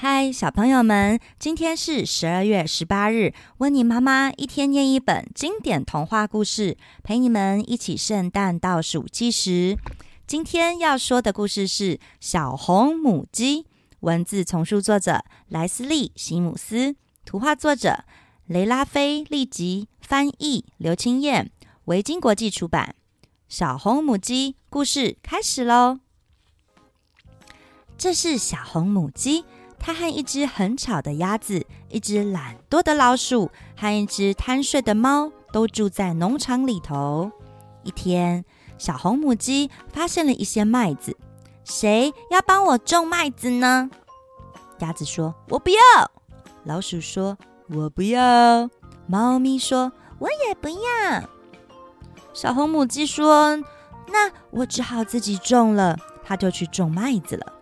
嗨，小朋友們，今天是十二月十八日。溫妮媽媽一天念一本經典童話故事，陪你們一起聖誕倒數計時。今天要說的故事是《小紅母雞》，文字重述作者萊絲莉·席姆斯，圖畫作者雷菲拉·利吉，翻譯劉清彥，維京國際出版。小紅母雞故事開始嘍。這是小紅母雞。它和一隻很吵的鴨子、一隻懶惰的老鼠和一隻貪睡的貓都住在農場裡頭。一天，小紅母雞發現了一些麥子，誰要幫我種麥子呢？鴨子說：“我不要。”老鼠說：“我不要。”貓咪說：“我也不要。”小紅母雞說：“那我只好自己種了。”它就去種麥子了。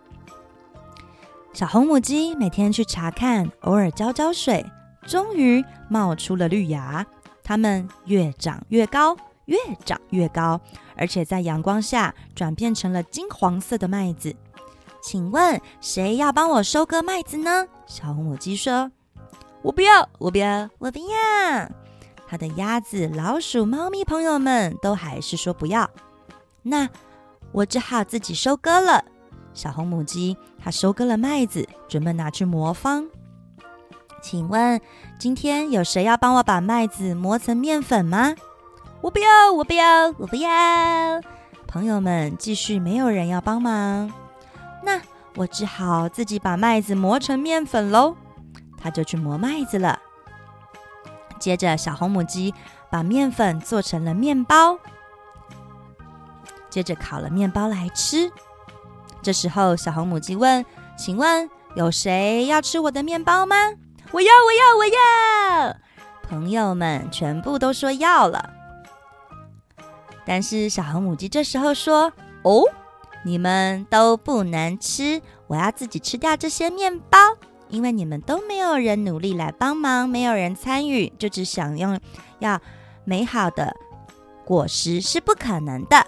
小紅母雞每天去查看，偶爾澆澆水，終於冒出了綠芽。它們越長越高，越長越高，而且在陽光下轉變成了金黃色的麥子。請問誰要幫我收割麥子呢？小紅母雞說：“我不要，我不要，我不要。不要！”它的鴨子、老鼠、貓咪朋友們都還是說不要。那我只好自己收割了。小紅母雞，它收割了麥子，準備拿去磨坊。請問今天有誰要幫我把麥子磨成麵粉嗎？我不要，我不要，我不要。朋友們，繼續，沒有人要幫忙，那我只好自己把麥子磨成麵粉嘍。它就去磨麥子了。接着，小紅母雞把麵粉做成了麵包，接着烤了麵包來吃。這時候，小紅母雞問：“請問有誰要吃我的麵包嗎？”“我要，我要，我要！”朋友們全部都說要了。但是，小紅母雞這時候說：“哦，你們都不能吃，我要自己吃掉這些麵包，因為你們都沒有人努力來幫忙，沒有人參與，就只想享用美好的果實是不可能的。”